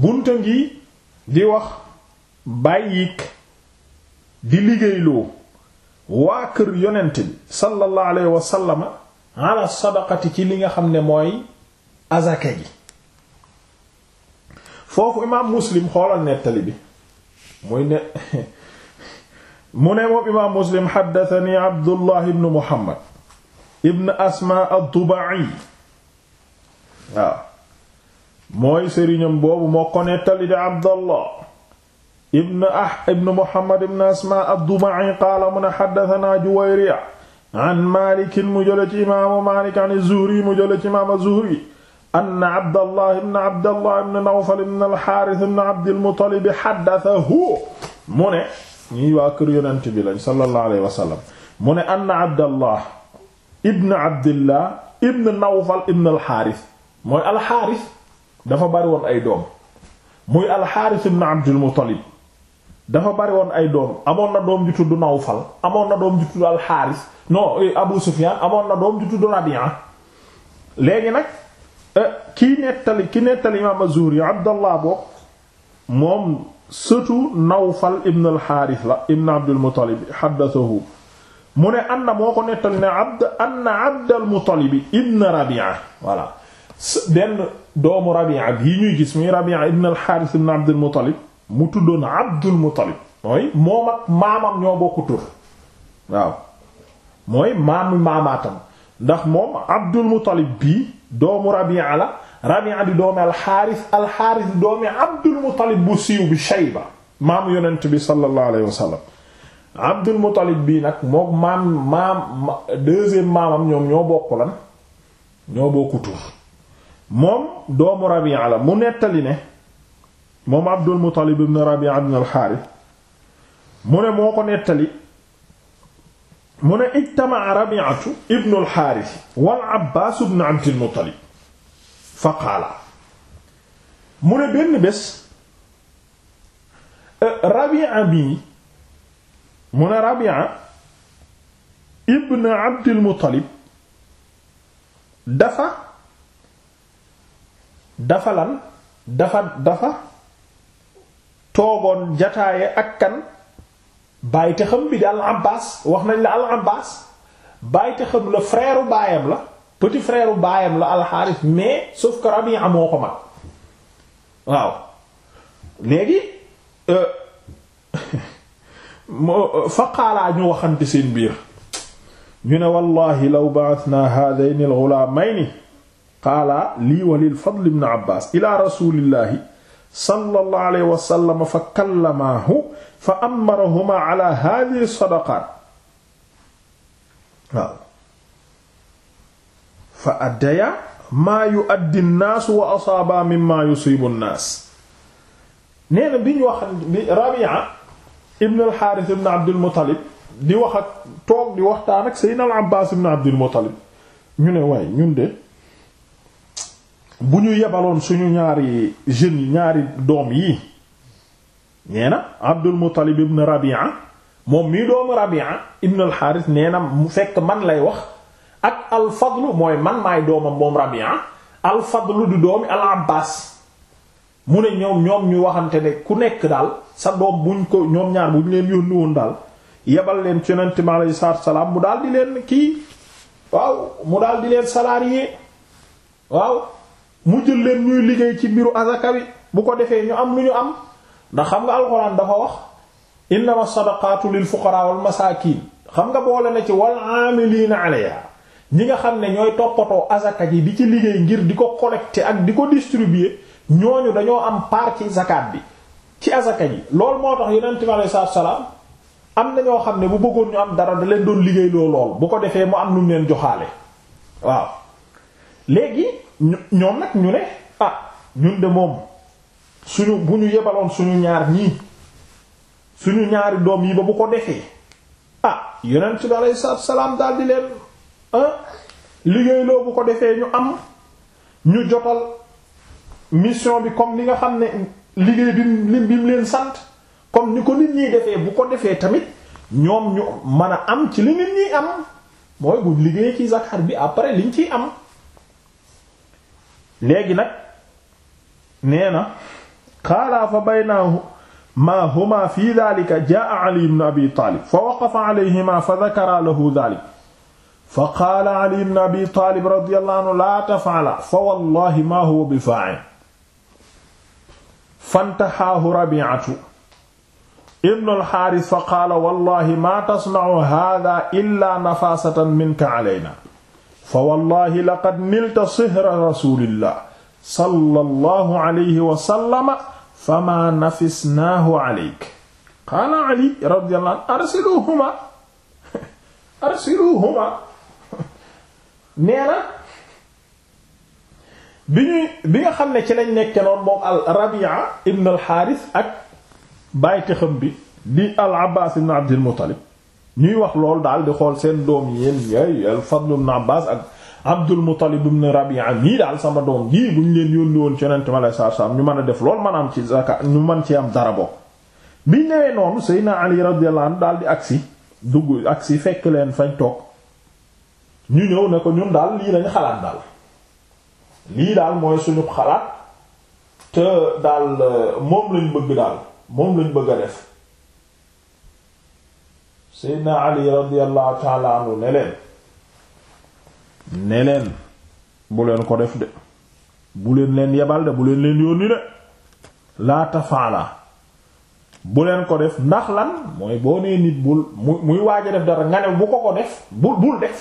bunta ngi di wax bàyyik di liggéeyloo waa kër yonent bi sallallahu alayhi wa ala sadaqati ci li nga xam ne mooy azaka ji foofu imaam muslim xoolal nettali bi muy ne mu ne moom imaam muslim xaddatani abdullah ibn muhammad ibn asma ad-dubai waaw mooy sëriñam boobu moo ko nettali di abdallah ibn ah ibn muhammad ibn asma abdu ma'in qaala mun haddathana juwayriya an maalik mu jële ci imaamu maalik an zuhri mu jële ci imaamu zuhri anna abdallah ibn abdallah ibn nawfal ibn alxaaris ibn abdilmutalibi haddathahu mu ne ñii waa kër yonent bi lañ sallallahu alayhi wa sallam mu ne anna abdallah ibn abdillah ibn nawfal ibn alxaaris mooy alxaaris dafa bari woon ay doom muy alxaaris ibn abdul muttalib dafa bari woon ay doom amoon na doom ju tudd nawfal amoon na doom ju tudd alxaaris non eh, abu sufiyaan amoon na doom ju tudd rabi'a léegi nag eh, ki nettali ki nettali imaam az-zuhri abdallah boog moom sëtu nawfal ibn alxaaris la ibn abdul muttalib xaddasahu mu ne anna moo ko nettali ne abd anna abdal muttalibi ibn rabi'a voilà benn doomu Rabi'a bii ñuy gis muy Rabi'a ibn al-Harith ibn mu tuddoon Abdul Muttalib mooy moom ak maamam ñoo bokk tur waaw mooy maamu maamaatam bii doomu Rabi'a la Rabi'a bi Shayba maamu yonent bi sallallahu alayhi wa maam maam ñoom ñoo bokk lan ñoo bokk tur moom doomu Rabi'a la mu nettali ne moom Abdul Muttalib ibn Rabi'a ibn al-Harith mu ne moo ko nettali mu ne ijtama'a Rabi'atu ibn al-Harith wal Abbaas ibn Abdil Muttalib fa qaala mu ne benn bés euh, Rabi'a bi mu ne Rabi'a Abdil Muttalib dafa dafa lan dafa dafa toogoon jataaye ak kan bàyyi te xam bi di al Abbas wax nañ la al Abbas bàyyi te xam la frère baayam la petit frère baayam la al Harith mais sauf que Rabi'a moo ko mag waaw léegi euh, faqaalaa ñu waxante seen biir ñu ne wallahi law ba'athna hadhayni al-ghulamayni qaala lii walil fadl ibn abbas ila rasulillahi sallallahu alayhi wa sallam fa kallamaahu fa amarahuma ala hadihi sadaqaat waaw fa addaya maa yuaddi nnaasu wa asaaba mimma yusiibu nnaas nee na bi ñu wax bi Rabi'a ibn al-Haaris ibn Abdul Muttalib di wax ak toog di waxtaan ak Seydina al-Abbaas ibn Abdul Muttalib ñu ne waaye ñun de bu ñu yebaloon suñu ñaari jeunes ñaari doom yi nee na Abdul Muttalib ibn Rabi'a moom mii doomu Rabi'a ibn al nee na mu fekk man lay wax ak al-Fadl mooy man maay doomam moom Rabi'a al du doomi al mu ne ñoom ñoom ñu waxante ne ku nekk daal sa doom buñ ko ñoom ñaar buñ leen yónni woon daal yebal leen ci Yonent mi alayhi mu daal di leen waaw. mu jël leen ñuy liggéey ci mbiru azaka wi bu ko defee ñu am lu ñu am ndax xam nga alxuraan dafa wax innama sadaqatu lil fuqara wal masakin xam nga boole na ci wal amilina alayha ñi nga xam ne ñooy toppatoo asaka ji bi ci liggéey ngir di ko collecter ak di ko distribuer ñooñu dañoo am part ci zakat bi ci azaka ji loolu moo tax yeneen bi alayhi salaatu salaam am na ñoo xam ne bu bëggoon ñu am dara da leen doon liggéey loo lool bu ko defee mu am lu mu leen léegi ñoom nag ñu ne ah ñun de moom suñu bu ñu yebaloon suñu ñaar ñii suñu ñaari doom yi ba bu ko defee ah yonent bi aleyhi salaatu salaam daal di leen ah, liggéey loo bu ko defee ñu am ñu jotal mission bi comme li nga xam ne liggéey bi bi mu leen sant comme ni ko nit ñi defee bu ko defee tamit ñoom ñu mën a am ci li nit ñi am mooy bu liggéey ci zakat bi après liñ ciy am. léegi nag nee na qaala fa bayna ma huma fi dhalika jaa ali ibn abi taalib fa waqafa alayhima fa dhakara lahu dhalik fa qaala ali ibn abi taalib radiyallahu anhu la taf'ala fa wallahi ma huwa bi faa'il fantahaahu rabi'atu ibn al-harith fa qaala wallahi ma tasna'u hadha illa nafasatan minka alayna fa wallahi laqad nilta sihra rasulillah sallallahu alayhi wa sallama fama nafisnaahu alayk qaala ali radiyallahu anhu arsiluhuma arsiluhuma nee na bi ñuy bi nga xam ne ci lañ nekke noon moom al rabia ibn al xaaris ak bàyyi xam bi di al abbaas ibn abdil muttalib ñuy wax loolu daal di xool seen doom yi yéen yooyu al Fadl ibn Abbas ak Abdul Muttalib ibn Rabi'a nii daal sama doom ji buñ leen yónni woon ci Yonent mi alayhi ñu mën a def loolu mën am ci saka ñu mën ci am dara bokk biñ newee noonu Seydina Ali radiyallahu anhu daal di agsi dugg agsi fekk leen fañ toog ñu ñëw ne ko ñun daal lii lañu xalaat daal lii daal mooy suñu xalaat te daal moom lañ bëgg daal moom lañ bëgg a def seydna ali radiallahu taala anhu ne leen ne leen bu leen ko def de bu leen leen yebal de bu leen leen yónni de laa tafaala bu leen ko def ndax lan mooy boo nee nit bul mu muy waaj def dara nga ne bu ko ko def bul bul def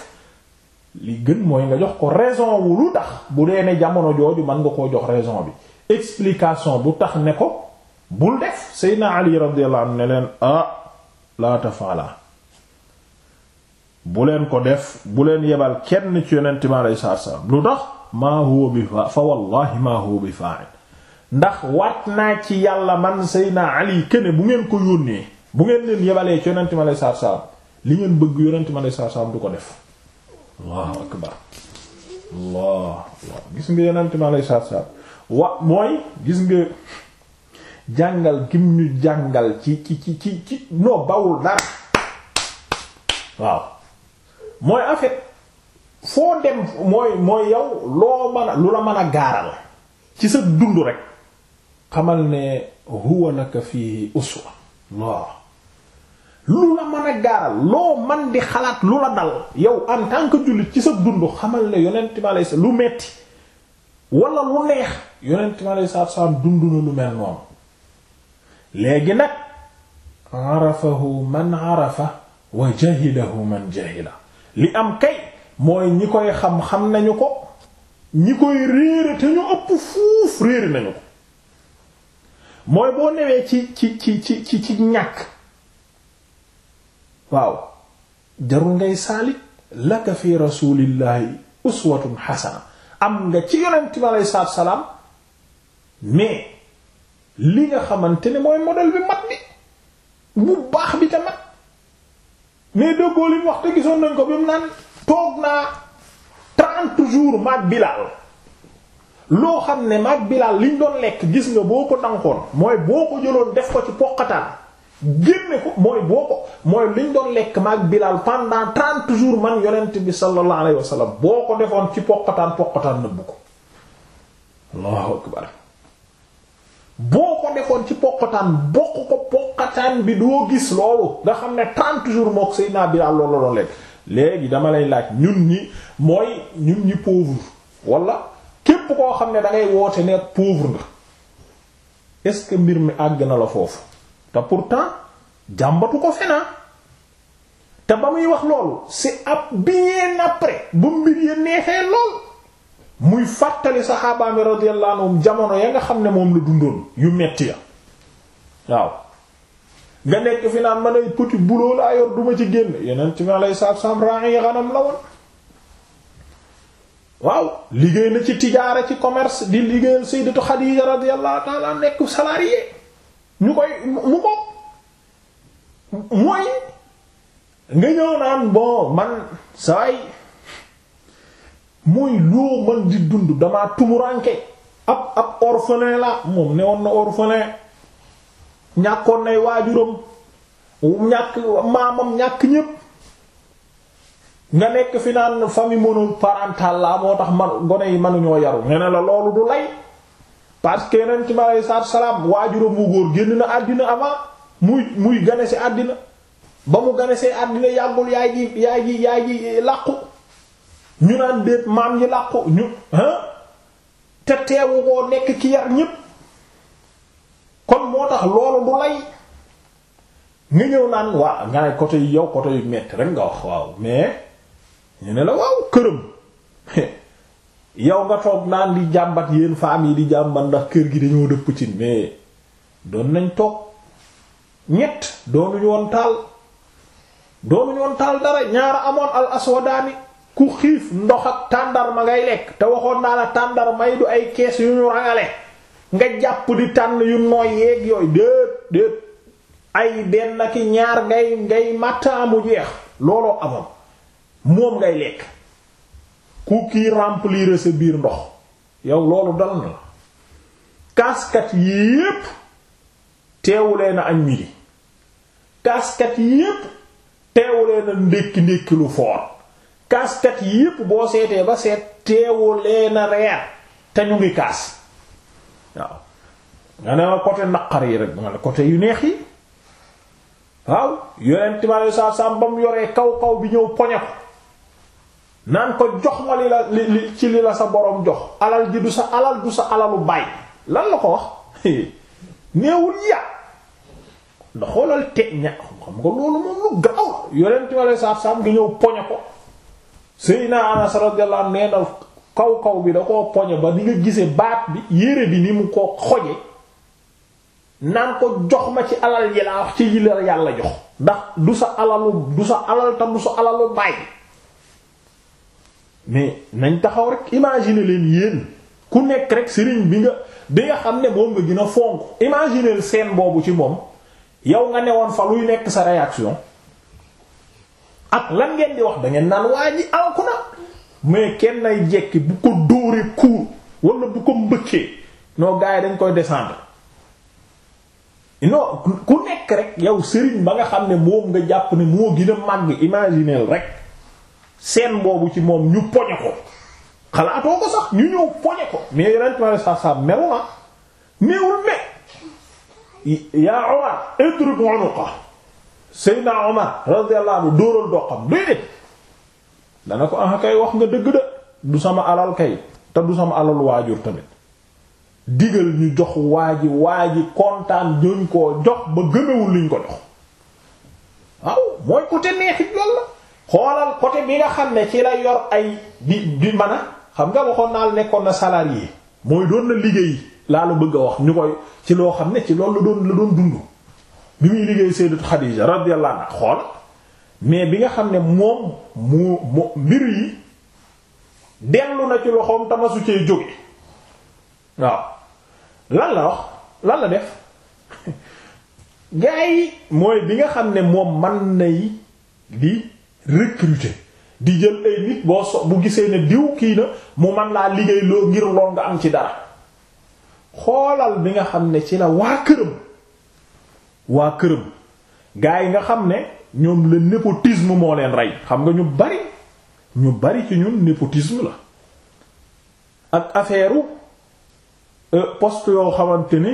li gën mooy nga jox ko raison wu lu tax bu dee ne jamono jooju mën nga koo jox raison bi explication bu tax ne ko bul def seydna ali radiallahu anhu ne leen ah, laa tafaala bu leen ko def bu leen yebal kenn ci yonent mi alayhi salaatu wa lu tax maa huwa bi fa fa wallahi maa huwa bi fa'il ndax waat naa ci yàlla man Seydina Ali kene bu ngeen ko yónnee bu ngeen leen yebalee ci yonent mi alayhi salaatu wa li ngeen bëgg yonent mi alayhi salaatu wa du ko def Allahu akbar Allah gis wa mooy gis nga jàngal gim ñu jàngal ci ci ci ci ci noo bawul dara waaw mooy en fait foo dem mooy mooy yow loo mën a lu la mën a gaaral ci sa dund rek xamal ne huwa naka fii uswa waaw lu la mën a gaaral loo man di xalaat lu la dal yow en tant que jullit ci sa dund xamal ne yonent bi aleyhi lu metti wala lu neex yonent bi aleyhi salaam dund na lu mel noonu léegi nag arafahu man arafa wa jahilahu man li am kay mooy ñi koy xam xam nañu ko ñi koy réere te ñu ëpp fuuf réere nañu ko mooy boo newee ci ci ci ci ci ci ñàkk waaw jarul ngay saali lakk fi rasulillahi uswatun hasana am nga ci yonent bi aleyhi salaatu salaam mais li nga xamante ne mooy modèle bi mat bi bu baax bi te mat mais déggoo li mu wax te gisoon nañ ko bi mu naan toog naa trente jour maag Bilaal loo xam ne maag Bilaal liñ doon lekk gis nga boo ko dankoon mooy boo ko jëloon def ko ci poqataan génne ko mooy boo ko mooy liñ doon lekk maag Bilaal pendant trente jours man yonent bi sallallahu alayhi wa sallam boo ko defoon ci poqataan poqataan nëbb ko boo ko defoon ci poqataan bokk ko poqataan bi doo gis loolu nga xam ne trent jours mook Seydina Bilaal loolu la doon lekk léegi dama lay laaj ñun ñi mooy ñun ñi pauvre wala képp koo xam ne da ngay woote ne pauvre nga est-ce mbir mi àgg na la foofu te pourtant jàmbatu ko fenaa ah. te ba muy wax loolu c'est ab bien après bu mbir ya neexee lool muy fàttali saxaabaami radiyallahu anhum jamono ya nga xam ne moom la dundoon yu metti ya waaw nga nekk fi naan man ay petit boulot duma ci génn yeneen ci ma lay saab saab ra'i ghanam la woon waaw liggéey na ci tijaara ci commerce di liggéeyal sayyidatu Xadiija radiyallahu ta'ala nekk salarié ñu koy mu ko mooy nga ñëw naan bon man saay mooy loo mën di dund damaa tumuranke ab ab orphelin la moom ne woon na orphelin ñàkkoon nay waajuram ñàkk maamam ñàkk ñépp nga nekk fi naan famille monoparentale la moo tax man gone yi mënuñoo yaru nee na la loolu du lay parce que yeneen ci ma sa salaam waajuram wu góor génn na àddina avant muy muy gane si àddina ba mu gane see àddina yàggul yaay ji yaay ji yaay ji làqu ñu naan déet maam yi làqu ñu te teewu koo nekk ki yar ñépp kon moo tax loolu du lay nga ñëw naan waa nga ne côté yi yow côté yu metti rek nga wax waaw mais ñu ne la waaw këram yow nga toog naan di jàmbat yéen femmes yi di jàmbat ndax kër gi dañoo dëpp ci mais doon nañ toog ñett doonuñu woon taal doonuñu woon taal dara ñaara amoon al aswadaani ku xiif ndox ak tàndarma ngay lekk te waxoon naa la tàndarmay du ay kees yu ñu rangale nga jàpp di tànn yu nooy yeeg yooyu déet déet ay benn ki ñaar ngay ngay màttaamu jeex looloo amoon moom ngay lekk ku kii remplir sa biir ndox yow loolu dal na la kaaskat yépp teewulee na añ midi kaaskat yépp teewulee na ndékki ndékki lu foor kaaskat yi yëpp boo seetee ba seet teewu leen a reer te ñu ngi kaas waaw nga ne ma côté naqar yi rek nga ne côté yu neex yi waaw yonent bi mu yoree kaw kaw bi ñëw poñe ko ko jox sa borom jox alal ji du sa alal du sa alalu baay lan la ko wax néewul ya nda xoolal te ña xam nga loolu moom lu gaaw yonent bi alei satu salaam ñëw poñe ko Seydina Anas radiyallahu anhu kaw kaw bi da koo poñe ba ni nga gisee baat bi yére bi ni mu ko xoje naan ko jox ma ci alal yi laa wax ci yi yàlla jox ndax du sa alalu du sa alal tam du sa alalu baay mais nañ taxaw rek imaginer leen yéen ku nekk rek sëriñ bi nga bi nga xam ne moom nga gën a fonk imaginer seen boobu ci moom yow nga ne woon fa luy nekk sa réaction ak lan ngeen di wax dangeen naan waa ji anku na mais kenn nay jekki bu ko dóoree kuur wala bu ko mbëkkee noo gars yi dañ koy descendre non ku nekk rek yow sëriñ ba nga xam ne moom nga jàpp ne moo gën a màgg imaginer rek seen boobu ci moom ñu poñe ko xalaatoo ko sax ñu ñëw poñe ko mais yeneen trois cent cent melu na néewul ne yaa Umar idrib unuqa Seydina Omar radiyallahu anhu dóoral doqam déedéet dana ko ah kay wax nga dëgg da du sama alal kay te du sama alal waajur tamit digal ñu jox waa ji waa ji kontaan ñuñ koo jox ba gëmewul liñ ko jox waaw mooy côté neexit lool la xoolal côté bi nga xam ne ci la yor ay di di mën a xam nga waxoon naa nekkoon na salarié mooy doon na liggéey laa la bëgg a wax ñu koy ci loo xam ne ci loolu la doon la doon dund. bi muy liggéey Sayyidatu Xadiija radiyallahu anha xool mais bi nga xam ne moom moo mu mbir yi dellu na ci loxoom tamasu cee jóge waaw lan la wax lan la def gaa mooy bi nga xam ne moom man nay di recruter di jël ay nit boo so bu gisee ne diw kii na mu man laa liggéey loo ngir lool nga am ci dara xoolal bi nga xam ne ci la waa këram waa këram gaa yi nga xam ne ñoom le népotisme moo leen rey xam nga ñu bari ñu bari ci ñun népotisme la ak affaire euh, poste yoo xamante ni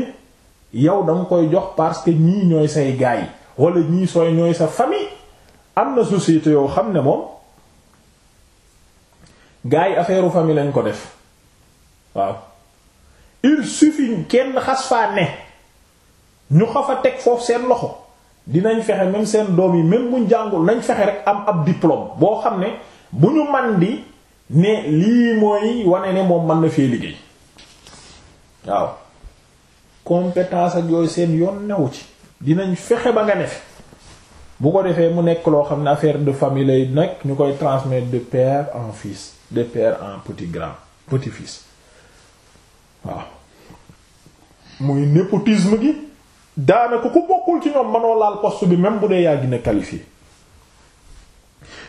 yow dama koy jox parce que ñii ñooy say gaa yi wala ñii sooy ñooy sa famille am na société yoo xam ne moom gaa yi affaire famille lañ ko def waaw il suffit kenn xas faa ne. ñu xafa teg foofu seen loxo dinañ fexe même seen doom yi même buñ jàngul nañ fexe rek am ab diplôme boo xam ne bu ñu man di ne lii mooy wane ne moom man na fee liggéey waaw compétence ak yooyu seen yoon newu ci dinañ fexe ba nga ne fi bu ko defee mu nekk loo xam ne affaire de famille lay nekk ñu koy transmettre de père en fils de père en petit grand petit fils waaw muy népotisme gi daanaka ku bokkul ci ñoom mënoo laal poste bi même bu dee yaa gën a qualifié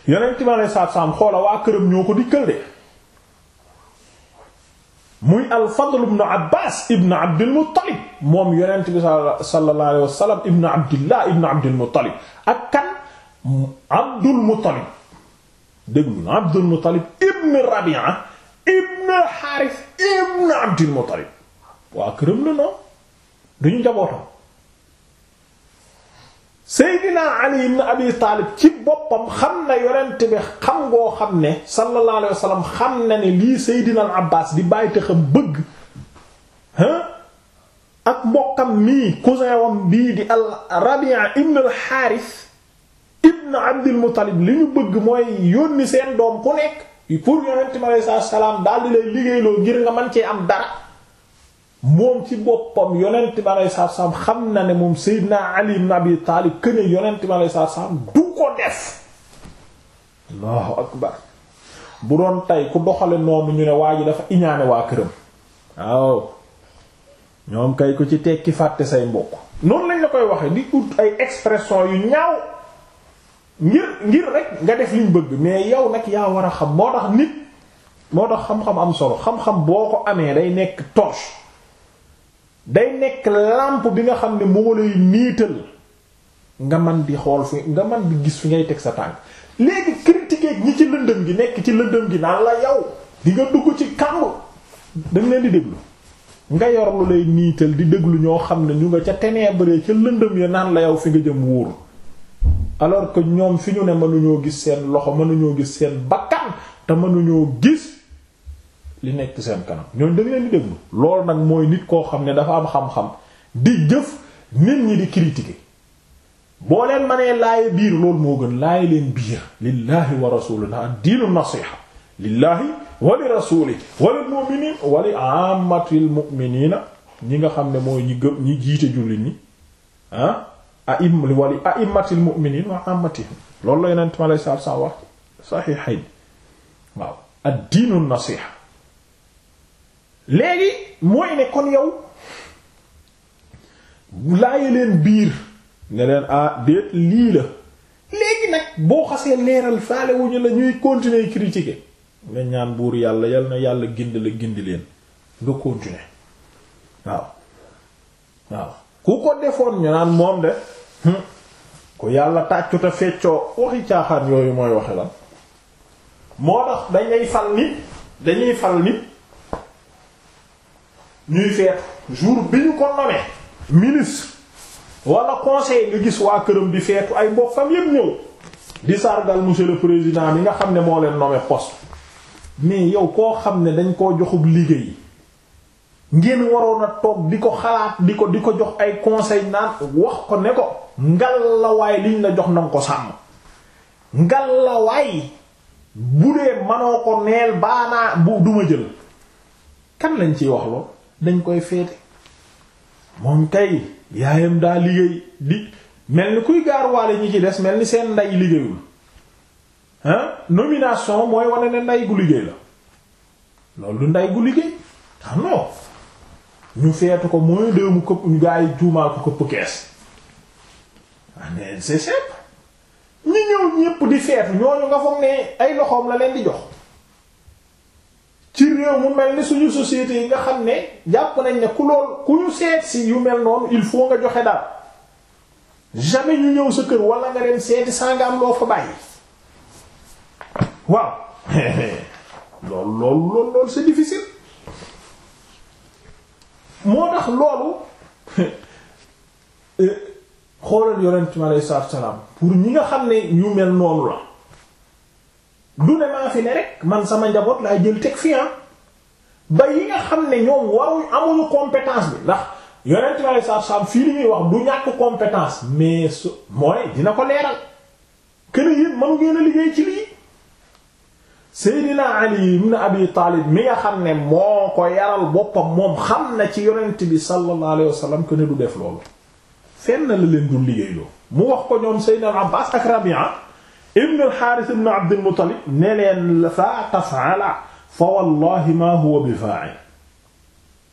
yonent ma lay saab saam xoola waa këram ñoo ko dikkal de muy al-Fadl ibn Abbas Abdul Muttalib moom yonent bi sallallahu alayhi wa sallam ibn Abdillah Abdul Muttalib ak kan Abdul Muttalib na Abdul Muttalib ibn Rabi'a ibn Harith ibn Abdul Muttalib waa këram la noonu duñu jabootam Seydina Ali ibn Abi ci boppam xam na yonent bi xam ngoo xam ne sallallahu alayhi xam na ne lii Seydina al Abbaas di bàyyi te xam bëgg ak mbokkam mii cousin wam bii di al Rabi'a ibn al Haaris ibn Abdul li ñu bëgg mooy yónni seen doom ku nekk pour yonent bi alayhi salaam daal di lay liggéeyloo ngir nga man cee am dara moom ci boppam yonent bi aleyhi salaatu salaam xam na ne moom Seydina Ali ibn Abi Taalib këne yonent bi aleyhi salaatu salaam du ko def Allahu akbar bu doon tey ku doxale noonu ñu ne waa ji dafa iñaane waa këram waaw ñoom kay ku ci tekki fàtte say mbokk noonu lañ la koy waxee di ut ay expression yu ñaaw ngir ngir rek nga def liñ bëgg mais yow nag yaa war a xam moo tax nit moo tax xam-xam am solo xam-xam boo ko amee day nekk torche day nekk làmp bi nga xam ne moo lay niital nga man di xool fi nga man di gis fi ngay teg sa tànk léegi critiquer ñi ci lëndëm gi nekk ci lëndëm gi naan la yow di nga dugg ci kàmb dañ leen di déglu nga yor lu lay niital di déglu ñoo xam ne ñu nga ca ténèbres ca lëndëm ya naan la yow fi nga jëm wóor alors que ñoom fi ñu ne mënuñoo gis seen loxo mënuñoo gis seen bakkan te mënuñoo gis li nekk seen kanam ñooñ da leen di déglu loolu nag mooy nit koo xam ne dafa am xam-xam di jëf nit ñi di critiquer boo leen mënee laaye biir loolu moo gën laaye leen biir lillahi wa rasuli na diinu nasiha lillahi li rasuli wa lil mu'minin wa li ammatil mu'minina ñi nga xam ne mooy ñi gëm ñi jiite jullit ñi ah aim li wali aimmatil mu'minin wa ammatihim loolu la yonent ma lay sar sa wax sahihayn waaw ad diinu léegi mooy ne kon yow laaye leen biir ne leen ah déet lii la léegi nag boo xasee leeral faale wuñu la ñuy continuer critiquer nga ñaan buur yàlla yal na yàlla gindi la gindi leen nga continuer waaw waaw ku ko defoon ñu naan moom de hmm, ku yàlla tàccu te feccoo waxi caaxaan yooyu mooy waxe lan moo tax dañuy fal nit dañuy fal nit ñuy feetu jour bi ñu ko nommé ministre walla conseil nga gis waa këram di feetu ay mbokkam yépp ñëw di sargal monsieur le président bi nga xam ne moo leen nommé poste mais yow koo xam ne dañ koo joxub liggéey ngeen waroon a toog di ko xalaat di ko di ko jox ay conseil naan wax ko ne ko ngal la waay la jox nanga ko sàmm ngal la bu dee manoo ko neel baanaa bu duma jël kan lañ ciy wax lool dañ koy feete moom kay yaayam daa liggéey di mel ni kuy gaar waale ñi ci des mel ni seen nday liggéeyul hein nomination mooy wane ne nday gu liggéey la loolu du nday gu liggéey xam ah non ñu feetu ko mooy dee mu këpp ñu gaa yi juumaal ko këpp kees aneen ah, c'est simple ñi ñëw ñépp di feetu ñooñu nga foog ne ay loxoom la leen di jox ci réew mu mel ni suñu société yi nga xam ne jàpp nañ ne ku lool ku ñu seet si yu mel noonu il faut nga joxe dara jamais ñu ñëw sa kër wala nga dem seeti sangam loo fa bàyyi waaw loolu loolu loolu loolu c'est moo tax loolu euh, xoolal yonent mi aleyhi salaam pour ñi nga xam ne ñu mel noonu la du ne maa rek man sama njaboot laa jël teg fi ah. ba yi nga xam ne ñoom waruñ amuñu compétence bi ndax yonent ma saab saab fii li ñuy wax du ñàkk compétence mais su mooy dina ko leeral kene yéen manu ngeen a liggéey ci lii Seydina Ali ibn Abi Taalib mi nga xam ne moo ko yaral boppam moom xam na ci yonent bi sallallahu alayhi wasallam que ne du def loolu fenn la leen dul liggéey loo mu wax ko ñoom Seydina Abbaas ak Rabia ibn al-Haaris ibn Abd al-Muttalib ne leen faa taf'ala fa wallahi maa huwa bi faa'il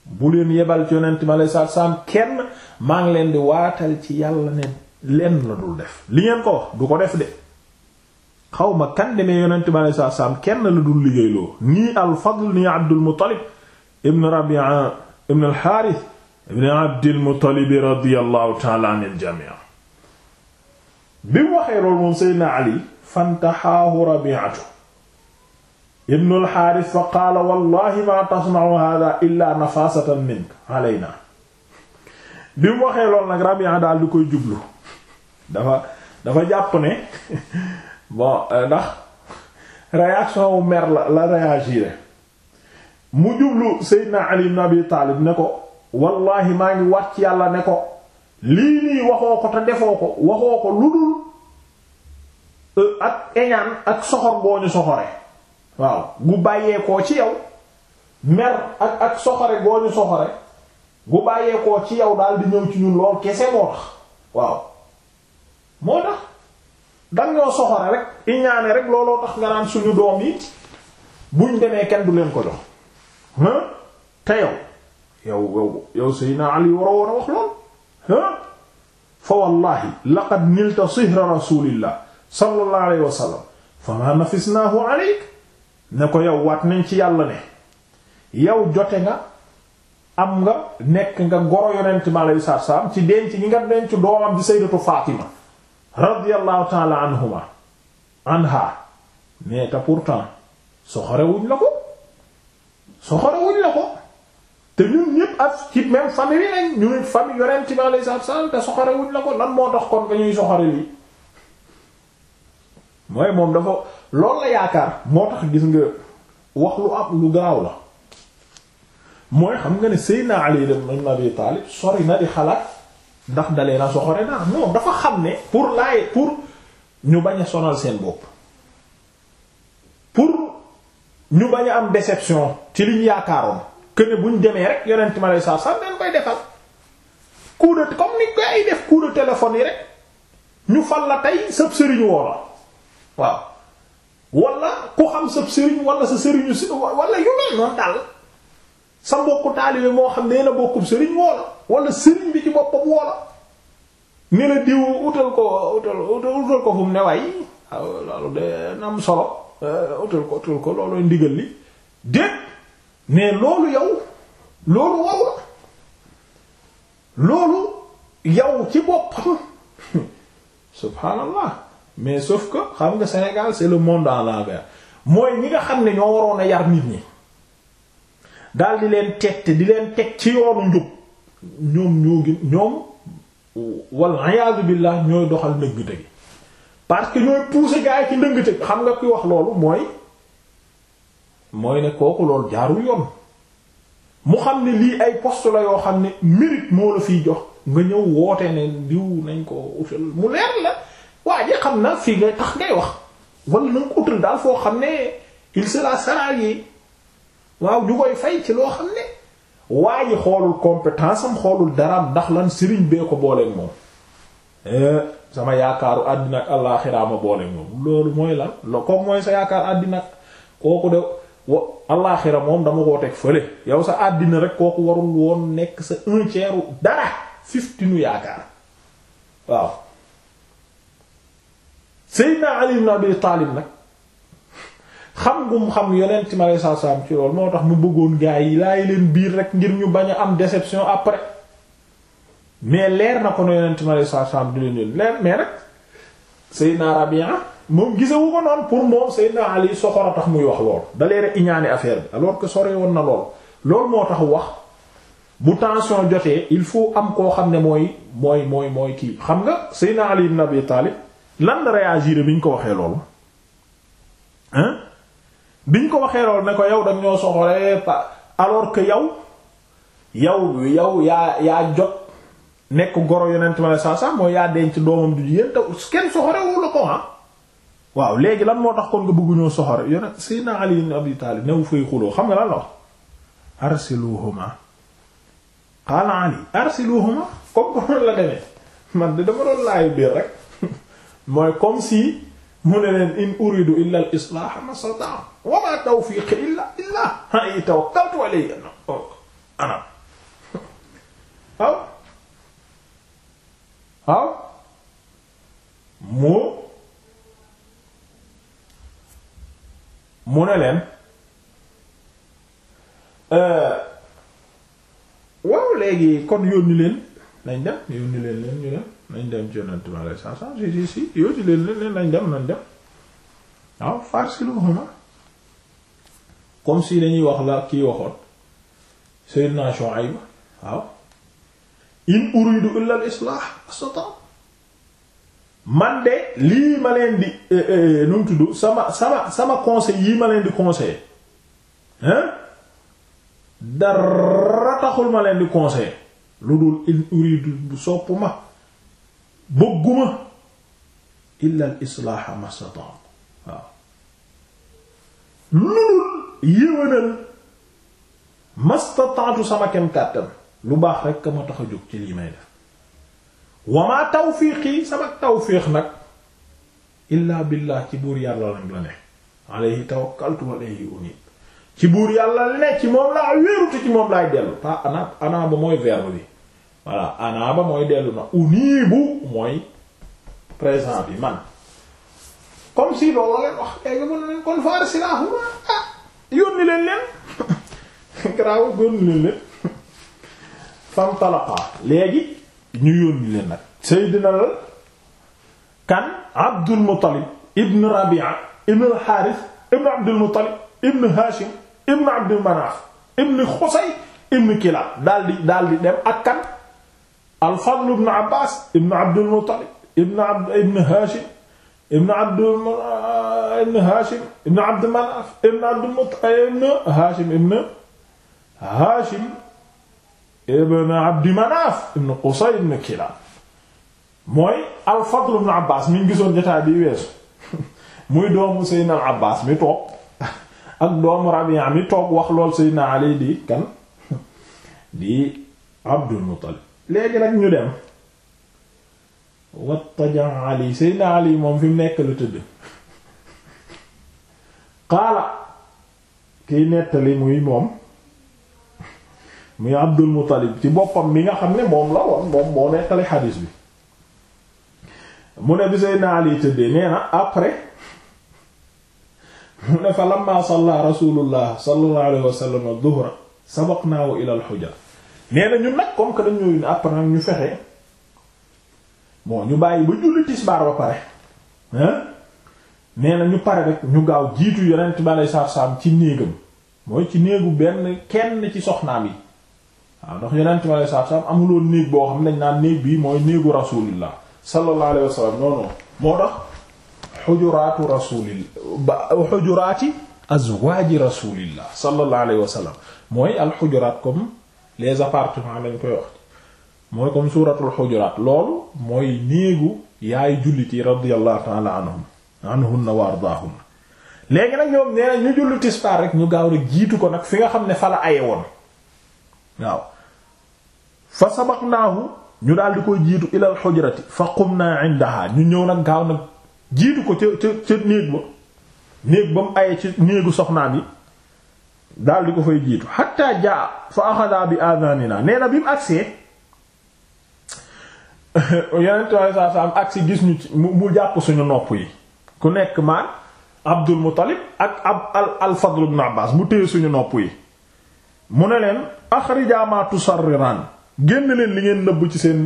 bu yebal ci yonent mi alayhi salaam kenn maa ngi leen di waatal ci yàlla ne leen la dul def li ngeen ko wax du ko def de xaw kan demee yonent mi alayhi salaam kenn la dul liggéeyloo nii al-Fadl nii Abd al-Muttalib ibn Rabi'a ibn al-Haaris ibn bi mu waxee loolu moom seydna ali fantaxaahu rabiatu ibnu alxaaris fa qaala wallahi maa tasnacu hada illa nafasatan mink aleyna bi mu waxee loolu nag rabia daal di koy jublu dafa dafa jàpp ne bon ndax réaction mu jublu seydna ali ibn abi taalib ne ko wallahi maa ngi wax yàlla ne ko lii nii waxoo ko te defoo ko waxoo ko lu dul euh, ak eñaan ak soxor boo ñu soxore waaw gu bàyyeekoo ci yow mer ak ak soxore boo ñu soxore gu bàyyeekoo ci yow daal di ñëw ci ñun lool kese moo tax waaw moo tax dang ñoo soxore rek iñaane rek looloo tax nga naan suñu doom yi buñ demee kenn du leen ko jox te yow yow yow yow Seydina Ali waroon a wax lool fa wallahi laqad nilta sihra rasulillah sallallahu alayhi wa sallam fama nafisnaahu aleyk ne ko yow waat nañ ci yàlla ne yow jote nga am nga nekk nga goro yonent mi salaam ci denc ñi nga denc doomam di sayyidatu Fatima radiyallahu ta'ala anha mais te pourtant soxorewuñ la ko soxorewuñ la ko te ñun ñëpp ak ci même famille lañ ñu famille yonent bi alayhi salaatu salaam te soxorewuñ la ko lan moo tax kon nga ñuy soxore lii mooy moom dafa loolu la yaakaar moo tax gis nga wax lu am lu garaaw la mooy xam nga ne Seydina Ali ibn Abi Taalib sori na di xalaat ndax dalee na soxore naa non dafa xam ne pour laay pour ñu bañ a sonal seen bopp pour ñu bañ a am déception ci liñ yaakaaroon. ne buñ demee rek yonent ma lay saa saa dañ koy defal coup comme ni gaa yi def coup de téléphone yi rek ñu fal la tey sëb sëriñ woo la waaw wala ku xam sëb sëriñ wala sa sëriñu si wala yu mel noonu daal sa mbokku taalibe moo xam nee na bokkum sëriñ woo la wala sëriñ bi ci bopp woo la ne la diw utal ko utal ko fu mu ne waay loolu de na solo eh, utal ko utal ko loolooy ndigal li déet. mais loolu yow loolu waru loolu yow ci boppam subhaanallah mais sauf que xam nga Sénégal c'est le monde à l'envers mooy ñi nga xam ne ñoo waroon a yar nit ñi daal leen teg di leen teg ci yoonu njub ñoom ñoo gi ñoom wal iyaadu billah ñooy doxal ndëngte gi parce que ñooy pousser gars yi ci ndëngte xam nga kuy wax loolu mooy. mooy ne kooku loolu jaarul yoon mu xam ne lii ay poste la yoo xam ne mérite moo la fiy jox nga ñëw woote ne diw nañ ko utal mu leer la waa ji xam na fii ngay tax ngay wax wala na nga foo xam ne il sera waaw ju koy fay ci loo xam ne waa xoolul compétence am xoolul daraam ndax lan sëriñ bee ko booleen moom eh, sama yaakaaru àddina ak àllaaxiraama booleen moom loolu mooy lan lo mooy sa yaakaar àddina ak kooku de wa alaaxira moom dama koo teg fële yow sa àddina rek kooku warul woon nekk sa un tiers dara fifty nu yaakaar waaw Seydina Ali ibn Abi Taalib nag xam gum xam yonent mi alayhi salaatu ci loolu moo tax mu bëggoon gaa yi laay leen biir rek ngir ñu bañ a am déception après mais leer na ko ne yonent mi alayhi salaatu salaam di leen leer mais rek Seydina Rabi'a moom gisewu ko noonu pour moom Seydina Ali soxor a tax muy wax lool da leen a iñaane bi alors que sore woon na lool loolu moo tax wax bu tension jotee il faut am koo xam ne mooy mooy mooy mooy kii xam nga Seydina Ali ibn Abi Talib lan la réagir bi ñu ko waxee loolu hein bi ñu ko waxee loolu ne ko yow dañ ñoo soxoree alors que yow yow yow yaa yaa jot nekk goro yonent ma la saa saa mooy yaa denc doomam du jigéen te kenn soxorewul la ko ah. waaw léegi lan moo tax kon nga bëgg ñoo soxore yone Ali ibn Abi Talib new fay xuloo xam nga lan la wax arsiluhuma qaala Ali arsiluhuma comme noonu la demee man de dama doon laayu biir rek mooy comme si mu ne leen in uridu illa al islaaha mastata'tu wa ma tawfiqi illa billah alayhi tawakkaltu alayhi oh, ana waaw waaw moo mu ne leen euh, waaw léegi kon yónni leen nañ dem yónni leen leen nañ dem ci yonent mi alayhi salaatu salaam si si si yónni leen leen nañ dem nañ dem waaw farsiluhuma comme si dañuy wax la kii waxoon Sayyidina Shuayb waaw in uridu illa al-islah astata man de lii ma leen di eh, eh, nu mu tudd sama sama sama conseil yii ma leen di conseil hein dara taxul ma leen di conseil lu dul in uridu bu sopp ma bëgguma illa al islaaha mastatam waaw lu dul yéwénal mastataatu sama kem kàttan lu baax rekk ma tax a jóg ci lii may def wa maa tawfiiqi sama tawfiiq nag illaa billah ci buur yàlla nag la ne alayhi tawakkaltu wa ilayhi unib ci buur yàlla la ne ci moom laa wéerutu ci moom laay dellu pas ana anaaba mooy verbe bi voilà anaaba mooy dellu na unibu mooy présent bi man comme si loolu leen wax léegi mën nañ kon faar silaahu ah yónni leen leen leen fam talaqa léegi ñu yónni leen nag Seydina kan Abdul Muttalib ibn Rabi'a ibn al-Harith ibn Abdul Muttalib ibn Hashim ibn Abdul Manaf ibn Khusay ibn Kilab daal di daal di dem ak kan al-Fadl ibn Abbas ibn Abdul Muttalib ibn Abd ibn Hashim ibn Abdul ibn Hashim ibn Abdul Manaf ibn Abdul Muttalib ibn Hashim ibn Hashim ibn Abdi Manaaf ibn Qusay ibn Kilaab mooy al-Fadl ibn Abbaas mi gisoon jotaay bi weesu muy doomu Seydina al-Abbaas mi toog ak doomu Rabi'a mi toog wax lool Seydina Ali di kan di Abdul Muttalib léegi nag ñu dem wattaja Ali Seydina Ali moom fi nekk la tëdd qaala kiy nettali muy moom muy Abdul Muttalib ci boppam bi nga xam ne moom la woon moom moo nettali xadiis bi mu ne bi Seydina Ali tëddee nee na après mu ne fa lamma salla rasulullah sallallahu alayhi wa sallam duhra sabaqnaahu ila al-hujra nee na ñun nag comme que dañ ñu fexe bon ñu bàyyi ba julli tisbaar ba pare hein ñu pare rek ñu gaaw jiitu yonent bi aleyhi salaatu salaam ci néegam mooy ci néegu benn kenn ci soxnaam yi waaw ndox yonent bi alayhi amuloon néeg boo xam ne dañ naan néeg bii mooy néegu rasulillah sallallahu alayhi wa sallam non non moo tax xujuraatu rasulillah ba xujuraati azwaaji rasulillah sallallahu alayhi wa mooy al xujuraat comme les appartements lañ koy wax mooy comme suuratul xujuraat loolu mooy néegu yaay julliti radiyallahu ta'ala anhum anhunna wa ardaahunna léegi nag ñoom nee ñu julli tisbaar rek ñu gaaw rek jiitu ko nag fi nga xam ne fa aye woon waaw fa sabaqnaahu ñu daal di koy jiitu ilal xujrati fa qumnaa indaha ñu ñëw nag gaaw nag jiitu ko ca ca ca néeg ba néeg ba mu aye ci néegu soxnaa bi daal di ko fay jiitu hatta jaa fa axada bi adanina nee na bi mu agsee yeneen tool suñu nopp yi ku nekk maan Abdul Muttalib ak ab al al Fadl ibn Abbas mu téye suñu nopp yi mu ne leen axrijaa tusarriraan génn leen li ngeen nëbbu ci seen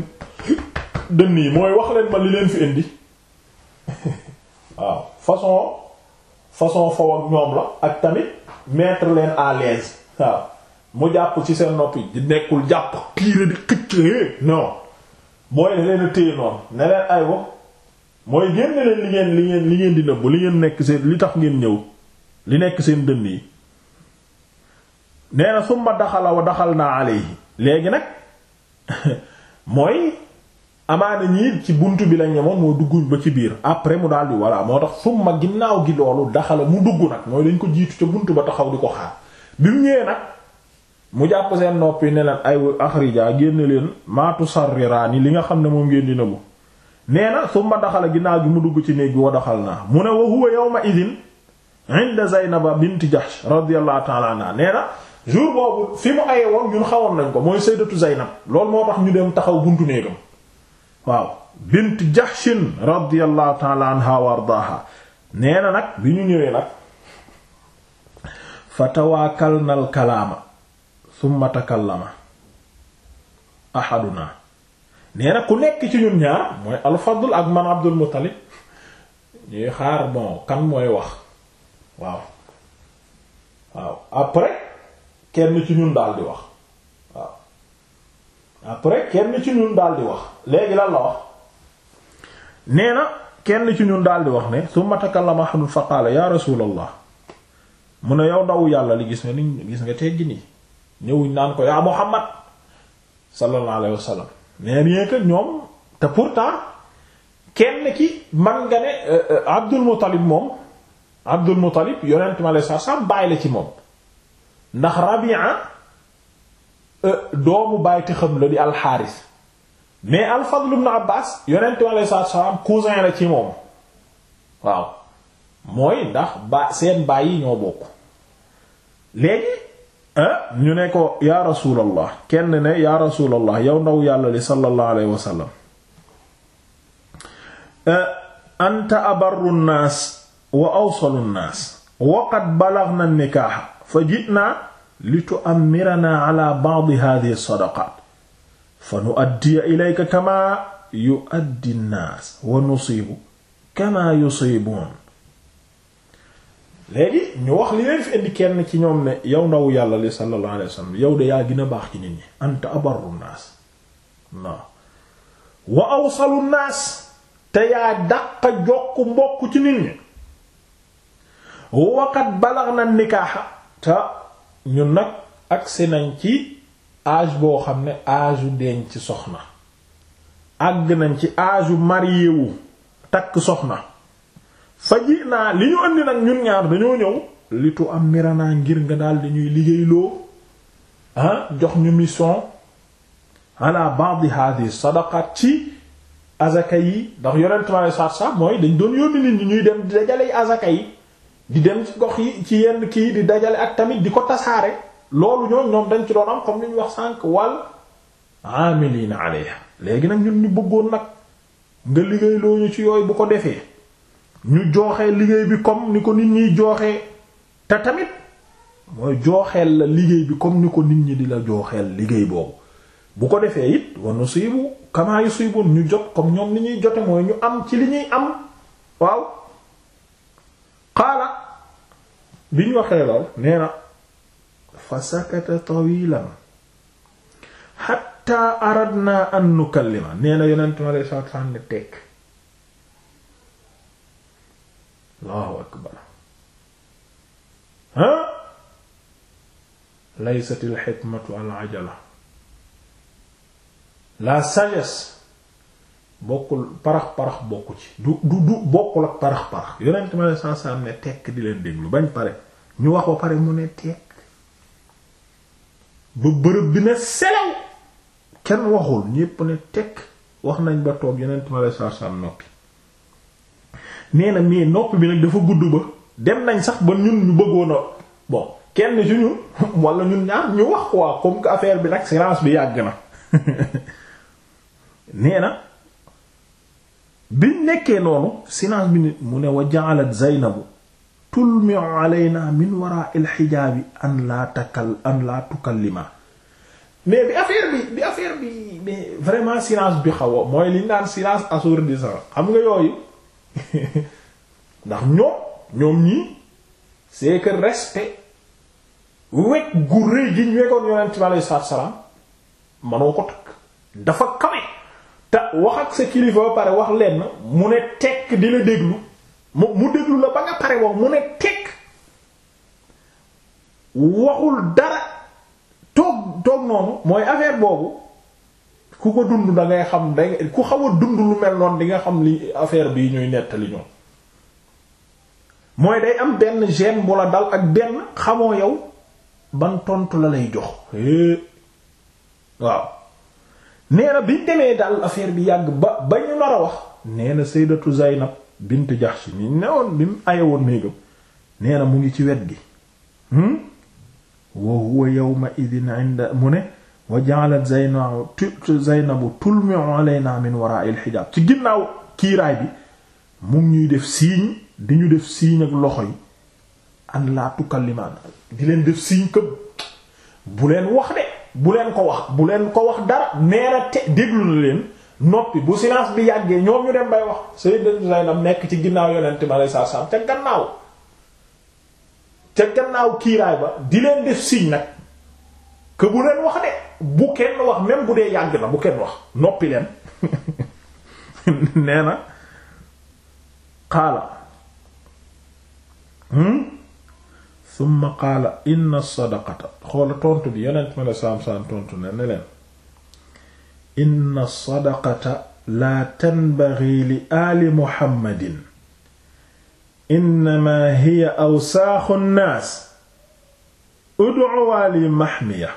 dënn yi mooy wax leen ma li leen fi indi waaw façon façon faw ak ñoom la ak tamit mettre leen à l'aise waaw mu jàpp ci seen nopp di nekkul jàpp piire di xëcc non mooy ne leen téye ne leen ay wax mooy génn leen li ngeen li ngeen li ngeen di nëbb li ngeen nekk seen li tax ngeen ñëw li nekk seen dënn yi nee na summa daxala daxal naa yi léegi nag mooy amaana ñii ci bunt bi lañ ñemoon moo dugguñ ba ci biir après mu daal di voilà moo tax summa ginnaaw gi loolu daxala mu dugg nag mooy dañ ko jiitu ca bunt ba taxaw di ko xaar bi mu ñëwee nag mu jàpp seen noppi ne leen ay axrija génn leen maatu sarriraani li nga xam ne moom ngeen di nëbbu nee na summa daxal ginnaaw gi mu dugg ci néeg bi wa daxal naa mu ne wa huwa yawma idin inda zaynaba bint jahsh radiyallahu ta'ala anha nee na jour boobu fi mu aye woon ñun xawoon nañ ko mooy sayyidatu Zaynab lool moo wax ñu dem taxaw buntu néegam waaw bint Jahshin radiyallahu ta'ala anha wa ardaaha nee na nag bi ñu ñëwee nag fatawaakalna al kalaama thumma takallama ahaduna nee na ku nekk ci ñun ñaar mooy al ak man Abdul Muttalib ñuy xaar bon kan mooy wax waaw waaw après kenn ci ñun daal di wax waaw après kenn ci ñun daal di wax léegi lan la wax nee na kenn ci ñun daal di wax ne summa takallama ahadun fa qaala ya rasulallah mu ne yaw ndaw yàlla li gis nga ni gis nga teggi nii ñëwuñ naan ko yaa muhammad sallallahu alayhi wa sallam mais rien que ñoom te pourtant kenn ki man nga ne euh, euh, abdul muttalib moom abdul muttalib yonent ma lay bàyyi la ci moom ndax Rabi'a euh, doomu bàyti xam la di alxaaris mais al-Fadl ibn Abbas yonentu Yàlla sallallahu alayhi cousin la ci moom waaw mooy ndax ba seen bàyyi ñoo bokk léegi ñu ne ko yaa rasulallah kenn ne yaa rasulallah yow ndaw yàlla li sallallahu alayhi wasallam euh, anta abarru nnaas wa awsalu nnaas wa qad balaghna nikaaha fa ji'naa li tu'ammiranaa ala ba'di hadhihi sadaqaat fa nu'addiya ilayka kamaa yu'addi an-naas wa nusiibu kamaa yusiibuun léegi ñu wax li leen fi indi kenn ci ñoom ne yow ndaw yàlla li sallallahu alayhi wasallam yow de yaa gën baax ci nit ñi anta abarru naas wa awsalu naas te yaa dàq jokk mbokk ci nit ñi waqat balagh na nikaaxa te ñun nag agsi nañ ci âge boo xam ne âge u denc soxna àgg nañ ci âge u takk soxna faji naa li ñu andi nag ñun ñaar dañoo ñëw litu am miranaa ngir nga daal di ñuy liggéeyloo ah jox ñu mission ala ba'd hadhihi sadaqat ci azaka yi ndax yonent ma saab mooy dañ doon yónni nit ñi ñuy dem dajale azaka yi di dem ci gox yi ci yenn kii di dajale ak tamit di ko tasaare loolu ñoom ñoom dañ ci doon am comme li ñu wax sànq wal amilina alayha léegi nag ñun ñu bëggoon nag nga liggéey loo ñu ci yooyu bu ko defee ñu joxee liggéey bi comme ni ko nit ñiy jooxee te tamit mooy jooxeel la liggéey bi comme ni ko nit ñi di la jooxeel liggéey boobu bu ko defee it wanu siibu kamaa yu ñu jot comme ñoom ni ñuy jote mooy ñu am ci li ñuy am waaw qaala bi ñu waxee lool nee na fa sakata tawilan hatta aradna an nukallima nee na yonent ma lay saat saan ne tekk allahu akbar ha laysat al hikmatu al ajala la sagesse bokkul parax parax bokku ci du du bokkul ak parax parax yonent ma ne saa ne tekk di leen déglu bañ pare ñu wax ba pare mu ne tekk ba bërëb bi ne selew kenn waxul ñépp ne tekk wax nañ ba toog yonent ma ne saa noppi nee na mais noppi bi nag dafa gudd ba dem nañ sax ba ñun ñu bëggoon a kenn ci ñun wala ñun ñaar ñu wax quoi comme que affaire bi nag silence bi yàgg na nee na. biñ nekkee noonu silence bi nit mu ne wa ja'alat Zaynabu tulmi'u alayna min wara'il hijaabi an laa takal an laa tukallima mais bi affaire bi bi affaire bi mais vraiment silence bi xaw a mooy liñ naan silence assourdissant xam nga yooyu ndax ñoom ñoom ñii c'est que respect wekk gu rëy gi ñu wekkoon yonent bi alayhi salaam manoo ko takk dafa kawe te wax ak sa kilifa ba pare wax lenn mu ne tekk di la déglu mu mu déglu la ba nga pare wax mu ne tekk waxul dara toog toog noonu mooy affaire boobu ku ko dund da xam da ku xaw a dund lu mel noon di nga xam li affaire bii ñuy nettali ñoom mooy day am benn gêne bu la dal ak benn xamoo yow ban tontu la lay jox waaw. nee bi biñ daal affaire bi yàgg ba ba ñu nar wax nee na Zaynab bint Jahsh mi newoon bi mu ayewoon néegam nee mu ngi ci wet gi hmm? wa huwa yawma idin inda mu ne wa ja'alat Zaynab Zaynabu tulmi'u alayna min wara'il hijab ci ginnaaw kiiraay bi mu ngi def signe di ñu def signe ak loxo yi an la di leen def signe këb bu leen wax de bu leen ko wax bu leen ko wax dara nee na te déglu na leen noppi bu silence bi yàggee ñoom ñu dem bay wax Sayyidatu Zaynab nekk ci ginnaaw yonent ma lay sarsam ca gannaaw ca gannaaw kiiraay ba di leen def signe nag que bu leen wax de bu kenn wax même bu dee yàgg na bu kenn wax noppi leen nee na xaala hmm? summa qaala inna sadaqata xoola tontu bi yonent ma la saam saam tontu ne ne leen inna sadaqata laa tanbaghi li aali muhammadin innamaa hiya awsaaxu nnaas ud'uwaa li mahmiya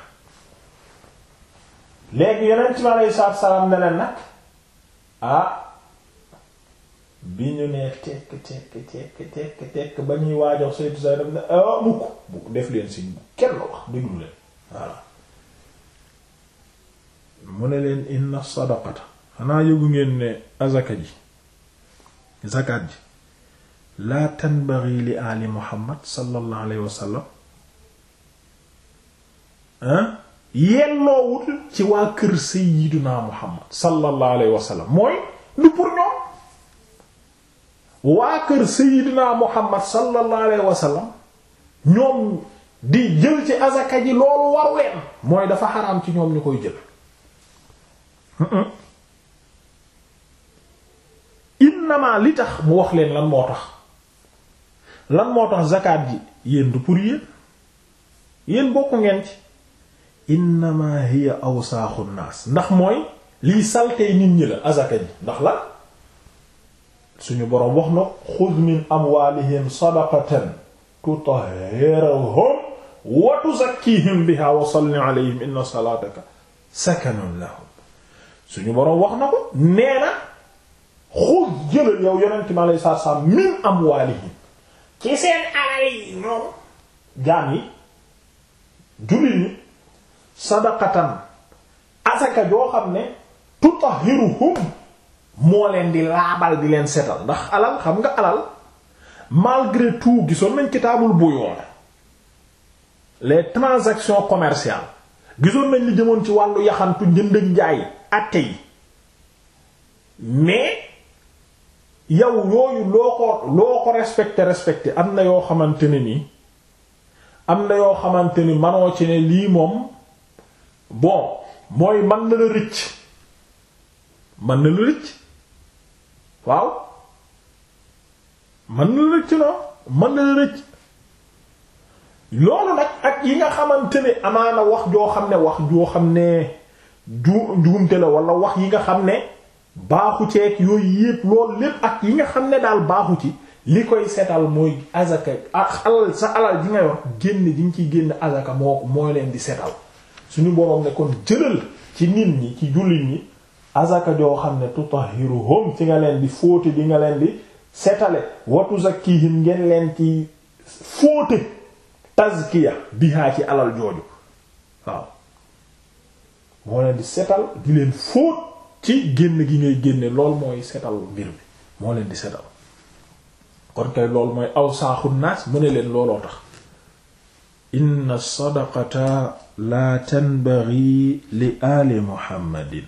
léegi yonent ma lay saam saam ne leen nag ah bi ñu nee tekk tekk tekk tekk tekk ba ñuy waajox saytu say daf ne ah, ah mukk bu def leen si kenn wax déglu leen voilà mu ne leen inna sadaqata xanaa yëgu ngeen ne azaka ji zakat ji laa tanbaghi li ali muhammad sallallahu alayhi wasallam ah yelloowul ci waa kër sayyiduna muhammad sallallahu alayhi wasallam mooy lu pour ñoom waa kër Seydina Muhammad sallallahu alayhi wa sallam ñoom di jël ci azaka ji loolu waru mooy dafa xaraam ci ñoom ñu koy jël innama li tax mu wax leen lan moo tax lan moo tax zakat ji yéen du pour yéen yéen bokku ngeen ci innama hiya awsaaxu naas ndax mooy liy saltee nit ñi la azaka ji ndax la suñu boroom wax na xud min amwaalihim sadaqatan tutahhiruhum wa tuzakkihim biha wa salli alayhim inna salaataka sakanun lahum suñu boroom wax na ko nee na xud jëlal yow yonent mi alayhi salaatu salaam min amwaalihim ci seen alal yi ñoom jaam yi jullit ñi sadaqatan asaka joo xam ne tutahhiruhum moo leen di laabal di leen setal ndax alal xam nga alal malgré tout gisoon nañ kitaabul buyoon les transactions commerciales gisoon nañ li jëmoon ci wàllu yaxantu njënd ak njaay atte yi mais yow yooyu loo ko loo ko respecté respecté am na yoo xamante ne ni am na yoo xamante ni manoo ci ne lii moom bon mooy man na la rëcc man na la rëcc waaw man na la rëcc noonu mën na la rëcc loolu nag ak yi nga xamante ne amaana wax joo xam ne wax joo xam ne ju njuumte la wala wax yi nga xam ne baaxu ceeg yooyu yépp lépp ak yi nga xam ne daal baaxu ci li koy setal mooy azaka ah, alal sa alal ji nga yor génn ji nga ciy génn azaka moo mooy leen di setal suñu boroom ne kon jëlal ci nit ñi ci jullit ñi azaka joo xam ne tutahhiruhum ci nga leen di fóote di nga leen di setale wa tuzakkihim ngeen leen ci fóote tazkiya bihaa ci alal jooju waaw moo leen di setal di leen fóot ci génn gi ngay génne lool mooy setal mbir bi moo leen di setal kon kay loolu mooy aw saaxu naas mu ne leen looloo tax inna sadaqata la tanbaghi li ali muhammadin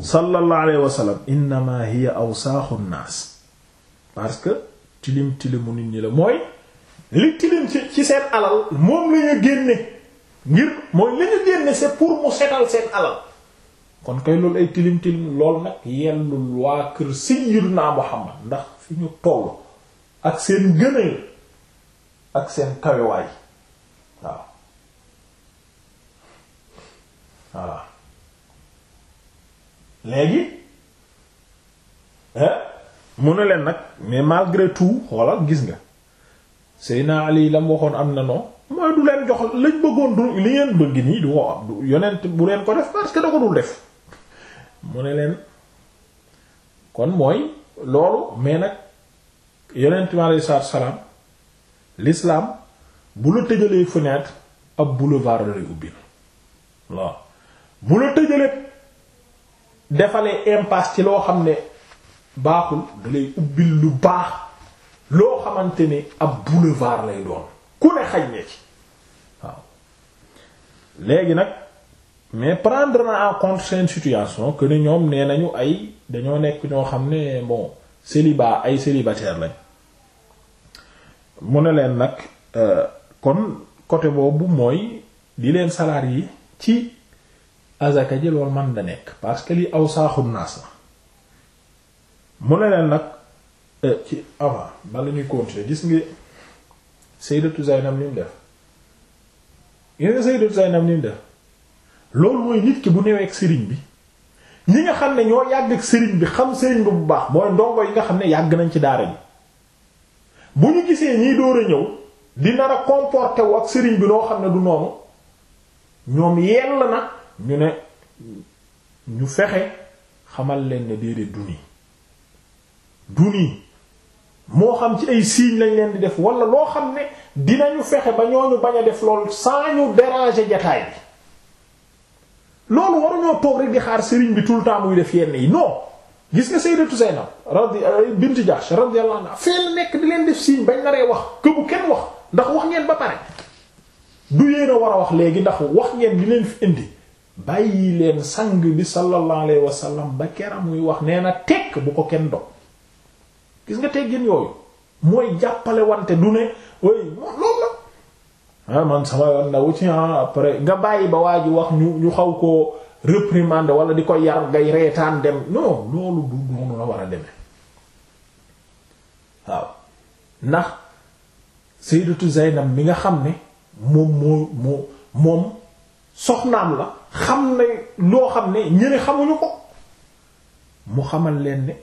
sallallahu alayhi wa sallam innama awsaaxu naas parce que tilim tilimu nit ñi la mooy li tilim ci seen alal moom la génne ngir mooy la génne c'est pour mu setal seen alal kon kay loolu ay tilim tilim lool nag yellul waa kër sayyidina Muhammad ndax fi ñu toll ak seen gëneel ak seen waaw waaw léegi eh? mu ne leen nag mais malgré tout xoolal gis nga Seyna Ali la mu waxoon am na non mooy du leen jox lañ bëggoon du li ngeen bëgg nii du ko am yonent bu leen ko def parce que da ko dul def mu ne leen kon mooy loolu mais nag yonent mi alayhi salaatu salaam l'islam bu la tëjalee fenêtre ab boulevard lay ubbil waaw bu la tëjalee defalee impasse ci loo xam ne baaxul da lay ubbil lu baax loo xamante ne ab boulevard lay doon ku ne xaj ne ci waaw léegi nag mais prendre na en compte seen situation que ne ñoom nee nañu ay dañoo nekk ñoo xam ne bon célibat ay célibataire lañ mu ne leen nag euh, kon côté boobu mooy di leen salarié yi ci azaka ji loolu man da nekk parce que li aw saaxul naas la mu ne leen nag eh, ci avant bala ñuy continuer gis nga Sayyidatu Zaynab ni mu def gis nga Sayyidatu Zaynab ni mu def loolu mooy nit ki bu newee ak sëriñ bi ñi nga xam ne ñoo yàgg ak sëriñ bi xam sëriñ bi bu baax mooy ndongo yi nga xam ne yàgg nañ ci daara ji bu ñu gisee ñiy door a ñëw di nar a ak sëriñ bi noo xam ne du noonu ñoom yell na ñu ne ñu fexe xamal leen ne déedéet du nii du moo xam ci ay signes lañ leen di def wala loo xam ne dinañu fexe ba ñooñu bañ a def lool sans ñu déranger jataay bi loolu ñoo toog rek di xaar sëriñ bi tout le temps muy def yenn yi non gis nga Sayyidatu Zaynab radi euh, bint Jahsh radiyallahu anha feel nekk di leen def signe bañ naree wax que kenn wax ndax wax ngeen ba pare du yéen war a wax léegi ndax wax ngeen di leen fi indi bàyyi leen sang bi sallallahu alayhi wa sallam ba keram muy wax nee na tekk bu ko kenn dog gis nga teggin yooyu mooy jàppale wante du ne ooy loolu ah, man sama yoon ndaw ci ah, après nga bàyyi ba waa ji wax ñu ñu xaw ko réprimander wala di ko yar ngay reetaan dem non loolu du noonu la war a demee waaw ndax Sayyidatu Zaynab nga xam ne moom moom soxnaam la xam na loo xam ne ñene xamuñu ko mu xamal leen ne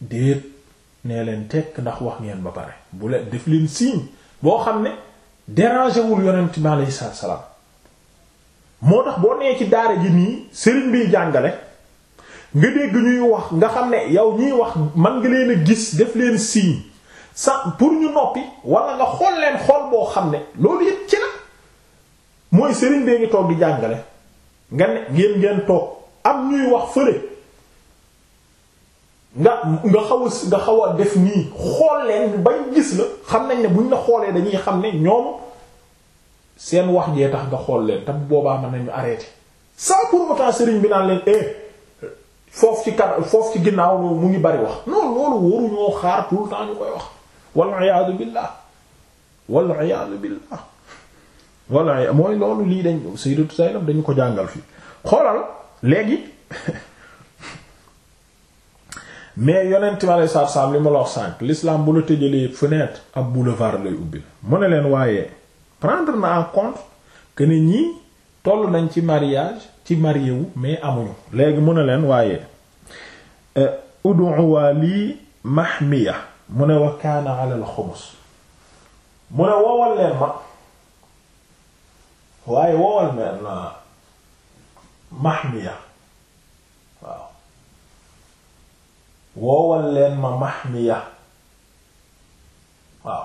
déet nee leen tekk ndax wax ngeen ba pare bu leen def leen signe boo xam ne déranger wul yonent bi aleyhi salaatu salaam moo tax boo nee ci daara ji nii sëriñ biy jàngale nga dégg ñuy wax nga xam ne yow ñuy wax man ngi leen a gis def leen signe sax pour ñu noppi wala nga xool leen xool boo xam ne loolu yëpp ci la mooy sëriñ bee ngi toog di jàngale nga ngeen ngeen toog am ñuy wax fële nga nga xaw a nga xaw def nii xool leen bañ gis la xam nañ ne buñ la xoolee dañuy xam ne ñoom seen wax jee tax nga xool leen tam boobaa mën nañu arrêté sans pour autant sëriñ bi naan leen eh, foofu ci kat foofu ci ginnaaw mu ngi bari wax non loolu waruñoo xaar tout temps ñu koy wax wal iyaadu billah wal iyaadu billah walla mooy loolu lii dañ Sayyidatu Zaynab dañu ko jàngal fii xoolal léegi mais yonent mi aleyhi salaatu li ma la wax sànq l'islam bu la tëjalee fenêtre ak boulevard lay ubbi mu ne leen waaye prendre na en compte que ne ñii toll nañ ci mariage ci marié wu mais amuñu léegi mu ne leen waaye euh, uduwa lii mahmiya mu ne wa kaana ala al mu ne woowal leen ma waaye woowal mel na waaw woowal leen ma Mahmiya waaw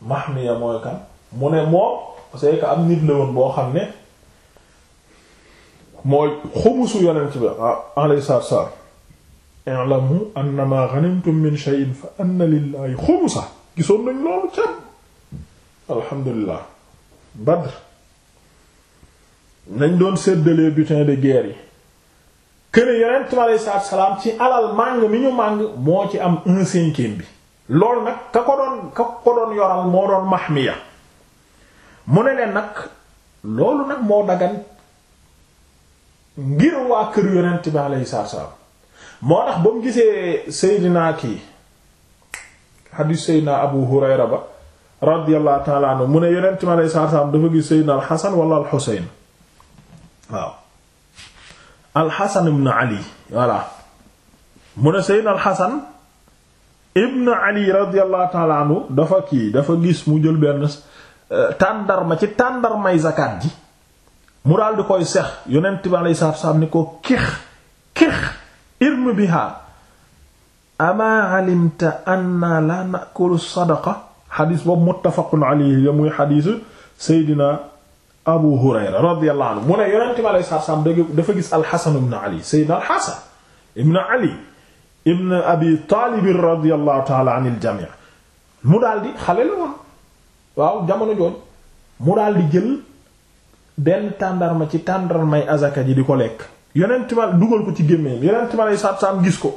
Mahmiya mooy kan mu ne moom c'est que am nit la boo xam ne mooy xumusu yonent bi ah, alayhi salaatu wa salaam i'lamu annama ghanimtum min shay'in fa anna lillahi xumusa gisoon nañ loolu ca alhamdulillah Badr nañ doon séddalee butin de guerre yi këne yonent bi aleyhi salaatu salaam ci alal màng mi ñu màng moo ci am un cinquième bi loolu nag ka ko doon ka ko doon yoral moo doon mahmiya mu ne leen nag loolu nag moo dagan ngir waa kër yonent bi aleyhi salaatu salaam moo tax ba gisee Seydina kii xadiis Seydina Abu Hurayra ba radiyallahu ta'ala anhu mu ne yonent mi alayhi salaatu salaam dafa gis Seydina Alxasan wala Alxuseyn waaw Alxasan ibn Ali voilà Alxasan ibn Ali radiyallahu ta'ala dafa kii dafa gis mu jël benn euh, tàndarma ci tàndarmay zakat ji mu daal koy sex yonent bi alayhi salaatu salaam ni ko kix kix irm biha ama alimta anna la nakulu sadaqa xadis boobu muttafaqun alayhi la muy xadis Seydina Abu Hurayra radiyallahu mu ne yonent bi alayhi salaam dafa gis Alxasan ibn Ali Seydina Alxasan ibn Ali ibn Abi Taalib radiyallahu ta'ala anil jamii mu daal di jamono jooju mu daal di jël benn tàndarma ci tàndarmay azaka ji di ko lekk yonent bi dugal ko ci gémmiñ yonent bi alayhi salaam gis ko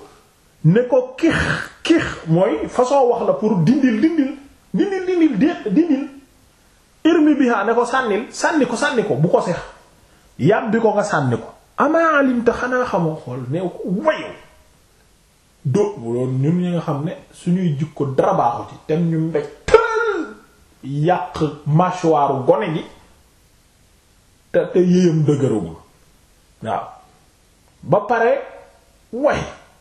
ne ko kix kix mooy façon wax la pour dindil dindil. dindil dindil dindil irmi biha ne ko sànnil sànni ko sànni ko bu ko sex yàbbi ko nga sànni ko ama alimta xanaa xamoo xool neew ko wayow dóo loon ñun ñi nga xam ne suñuy jikko dara baaxu ci tem ñu mbéj tël yàq mâchoire gone gi te te yéyam dëgëragul waaw ba pare way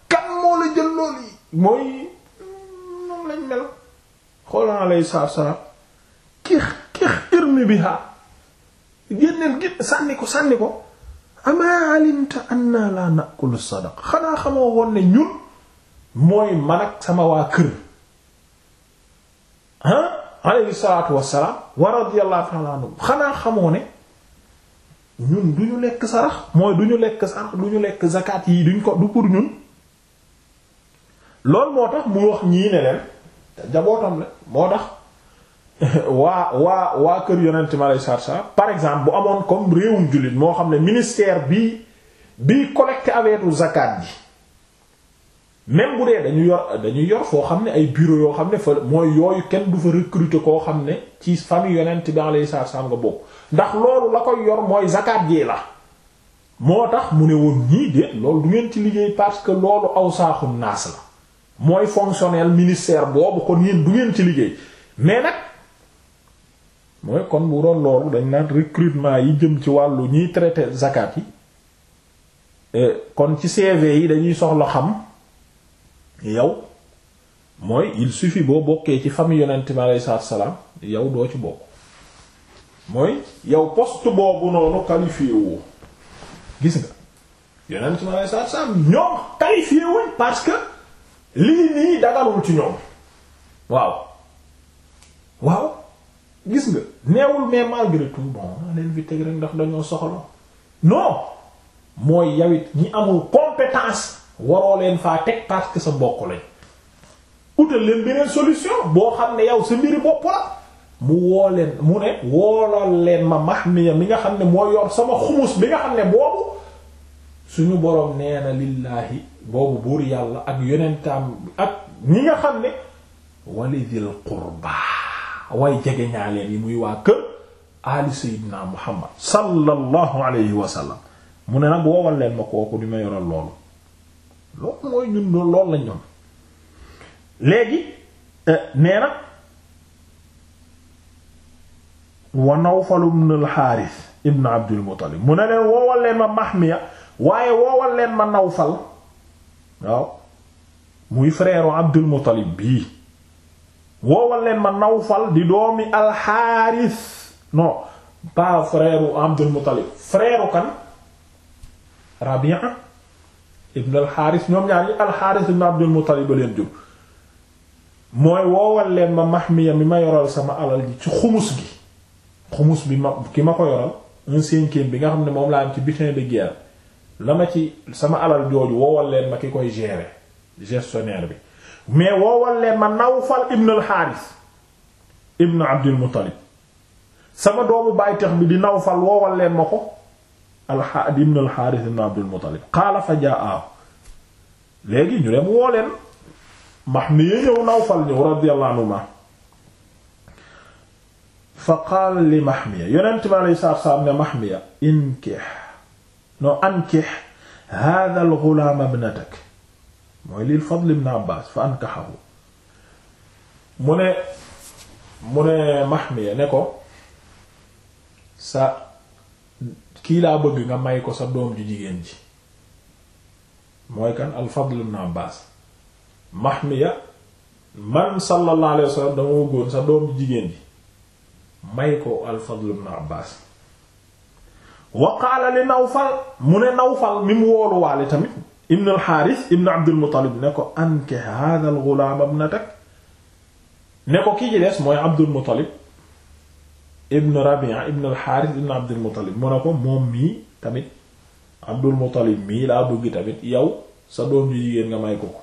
kan moo la jël loolu yi mooy mm, moom lañ mel xoola alayhi salaam kix kix irmi biha génneel gén la nakulu sadaqa xanaa xamoo woon ne ñun sama waa kër ah alayhi salaatu wassalaam wa radiyallahu ta'ala anhu du ñu lekk sarax mooy du ñu lekk sarax du ñu lekk zakat yi duñ ko du pour ñun loolu moo tax mu wax ñii ne leen jabootam la moo tax waa waa waa kër yonent ma lay sarsa par exemple bu amoon comme réewum jullit moo xam ne ministère bi bii collecté aweetu zakat ji même bu dee dañu yor dañu yor foo xam ne ay bureau yoo xam ne fa mooy yooyu kenn du fa recruter koo xam ne ci famille yonent bi alayhi salaam nga bokk ndax loolu la koy yor mooy zakat jee la moo tax mu ne woon ñii de loolu du ngeen ci liggéey parce que loolu aw saaxum naas la mooy fonctionnel ministère boobu kon yéen du ngeen ci liggéey mais nag mooy kon bu doon loolu dañ naan recrutement yi jëm ci wàllu ñiy traité zakat yi eh, kon ci CV yi dañuy soxla xam yow mooy il suffit boo bokkee ci famille yonent yow doo ci bokk mooy yow poste boobu noonu qualifié gis nga yonent bi aleyhi salaatu salaam ñoom qualifié wuñ lii nii dagarul ci ñoom waaw waaw gis nga neewul mais malgré tout bon naa leen fi teg rek ndax dañoo soxla non mooy yawit ñi amul compétence waroo leen faa teg parce sa mbokk lañ utal leen beneen solution boo xam ne yow si mbiri bopp la mu woo leen mu ne woolal leen ma mahmiya mi nga xam ne moo yor sama xumus bi nga xam ne boobu suñu boroom nee na lillaahi boobu buur yàlla ak yonentaam ak ñi nga xam ne walidil qurbaa way jege ñaaleen yi muy waa kër ali sayyidina muhammad sallallahu alayhi wa sallam mu ne nag woowal leen ma kooku di ma yoral loolu loolu mooy ñun loolu la ñoom léegi eh, nee na wa Nawfal ibn al-Harith ibn Abdul Muttalib mu ne leen woowal leen ma Mahmiya waaye woowal leen ma Nawfal waaw muy frère Abdul Muttalib bii woowal leen ma Nawfal di doomi alxaaris non pas frère Abdul Muttalib frère kan Rabia ibn alxaaris ñoom ñaar ñi alxaaris ibn Abdul Muttalib leen jur mooy woowal leen ma Mahmiya mi ma yoral sama alal ji ci xumus gi xumus bi ma ki ma ko yoral un bi nga xam ne moom laa am ci butin de guerre la ma ci sama alal jooju woowal leen ma ki koy gérer gestionnaire bi mais woowal leen ma Nawfal ibn al-Haaris ibn Abdul Muttalib sama doomu bàytax bi di Nawfal woowal leen ma ko al ibn al-Haaris ibn Abdul Muttalib qaala fa jaa léegi ñu dem woo leen Mahmiya ñëw Nawfal ñëw radiyallahu anhuma fa qaala li Mahmiya yonent bi alayhi salaatu wa salaam ne Mahmiya inkih no ankih hadha al ghulaam ibnatak mooy lii fadl ibn abbas fa ankahahu mu ne mu ne mahmiya ne ko sa kii laa bëgg nga may ko sa doom ju jigéen ji mooy kan al fadl ibn abbas mahmiya man sallallahu sa doom ju jigéen ji may ko al fadl ibn abbas wa qaala li nawfal mu ne nawfal mi mu woolu waale tamit ibn alxaaris ibn ne ko anke hada algulaam ibnatak ne ko kii ci des mooy abdulmutalib ibn rabia ibn alxaaris ibn abdulmutalib mu ne ko moom mii tamit abdulmutalib mii laa bëgg tamit yow sa doom ju jigéen nga may ko ko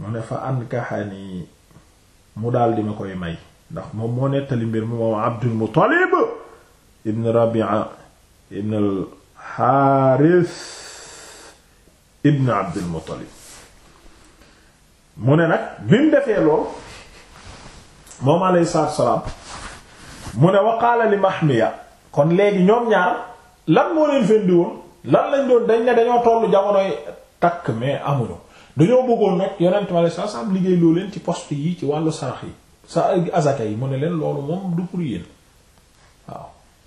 mu ne fa ankaxani mu daal di ma koy may ndax moom moo nettali mbir mi moom abdulmutalib ibn Rabi'a ibn al-Haaris ibn Abdul Muttalib mu ne nag bi mu defee lool moom alayhi salaatu salaam mu ne wa qaala li Mahmiya kon léegi ñoom ñaar lan moo leen fendi lan lañ doon dañ ne dañoo tollu jamonoy takk mais amuñu dañoo bëggoon nag yonent ma alayhi salaatu salaam liggéey loo leen ci poste yi ci wàllu sarax yi sa azaka yi mu ne leen loolu moom du pour yéen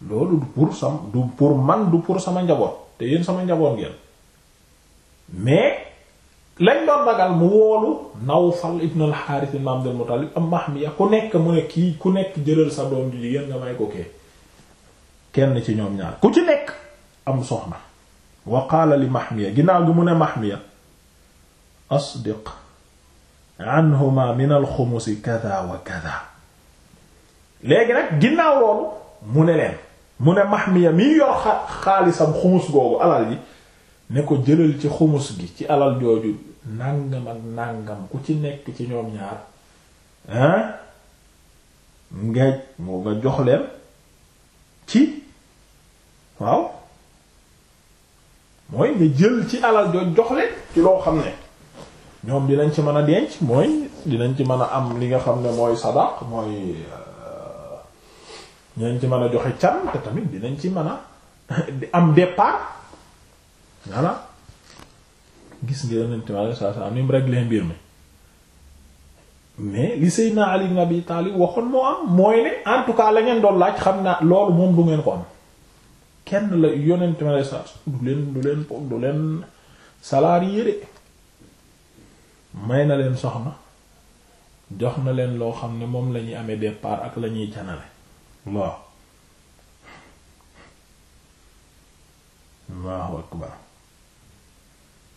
loolu du pour sam du pour man du pour sama njaboot te yéen sama njaboot ngeen mais lañ doon ragal mu woolu Nawfal ibn al-Harith ibn Abdul Muttalib am Mahmiya ku nekk mu ne kii ku nekk jëlal sa doom ju jigéen nga may ko kee kenn ci ñoom ñaar ku ci nekk am soxna wa qaala li Mahmiya ginnaaw gi mu ne Mahmiya asdiq anhuma min al-xumus kada wa kada léegi nag ginnaaw loolu mu ne leen mu ne Mahmiya mi yor xaalisam xumus googu alal yi ne ko jëlal ci xumus gi ci alal jooju nàngam ak nàngam ku ci nekk ci ñoom ñaar hein ngeej moo nga jox leen ci waaw mooy nga jël ci alal jooju joxle leen ci loo xam ne ñoom dinañ ci mën a denc mooy dinañ ci mën a am li nga xam ne mooy sadaq mooy dinañ ci mën a joxe can te tamit dinañ ci mën a am départ voilà gis nga yonent mi alayhi salaatu salaam ni mu réglé mbir mi mais li Seydina Ali ibn Abi Talib waxoon moo mooy ne en tout cas la ngeen doon laaj xam naa loolu moom du ngeen ko am kenn la yonent mi alayhi salaatu du leen du leen du leen salarié de may na leen soxna jox na leen loo xam ne moom la ñuy amee départ ak la ñuy janale waaw allahu akbar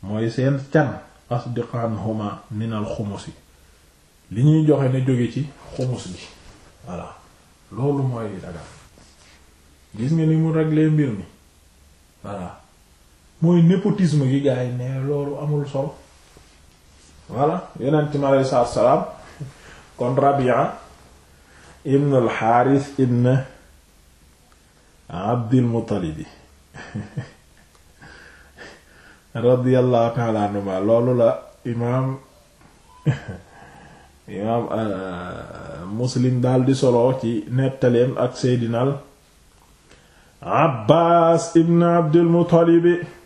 mooy seen can asdiqan huma minal xumus yi li ñuy joxe ne jóge ci xumus bi voilà loolu mooy li gis nga ni mu régler mbir mi voilà mooy népotisme gi gars yi ne loolu amul solo voilà yeneen ci ma aleyhi salaam kon Rabia ibn alxaaris ibn abdilmuttalibi radiallahu taala anhuma loolu la imaam imaam euh, muslim daal di solo ci nettaleem ak seydinal abbaas ibn abdilmuttalibi